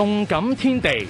動感天地，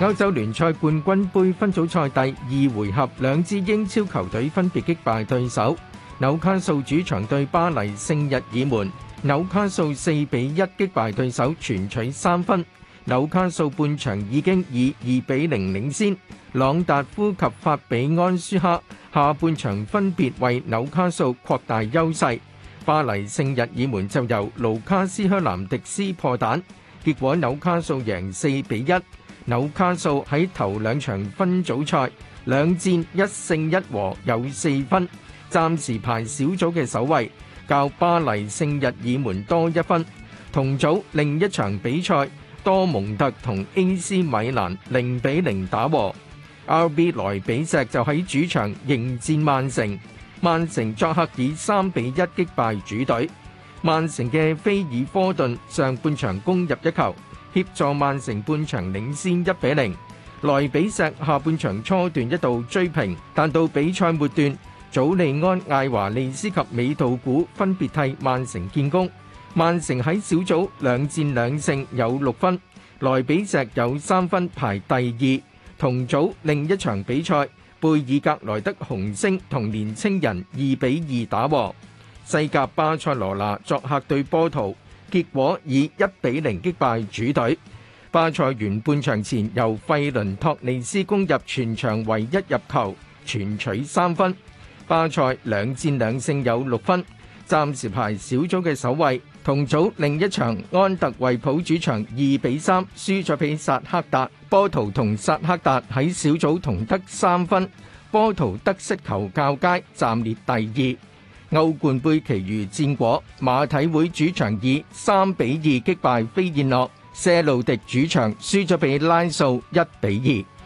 歐洲聯賽冠軍杯分組賽第二回合，兩支英超球隊分別擊敗對手。紐卡素主場對巴黎聖日耳門，紐卡素四比一擊敗對手，全取三分。紐卡素半場已經以二比零領先，朗達夫及法比安舒克下半場分別為紐卡素擴大優勢。巴黎聖日耳門就由盧卡斯克南迪斯破蛋。結果紐卡素贏四比一，紐卡素喺頭兩場分組賽兩戰一勝一和，有四分，暫時排小組嘅首位，較巴黎聖日耳門多一分。同組另一場比賽，多蒙特同 AC 米蘭零比零打和，RB 萊比錫就喺主場迎戰曼城，曼城作客以三比一擊敗主隊。曼城嘅菲爾科頓上半場攻入一球，協助曼城半場領先一比零。萊比錫下半場初段一度追平，但到比賽末段，祖利安艾華利斯及美道古分別替曼城建功。曼城喺小組兩戰兩勝有六分，萊比錫有三分排第二。同組另一場比賽，貝爾格萊德紅星同年青人二比二打和。西甲巴塞羅那作客對波圖，結果以1比0擊敗主隊，巴塞完半場前由費倫托尼斯攻入全場唯一入球，全取三分。巴塞兩戰兩勝有6分，暫時排小組嘅首位。同組另一場，安特衛普主場2比3輸咗畀薩克達。波圖同薩克達喺小組同得三分，波圖得失球較佳，暫列第二。歐冠盃其餘戰果，馬體會主場以三比二擊敗飛燕諾，謝路迪主場輸咗俾拉素一比二。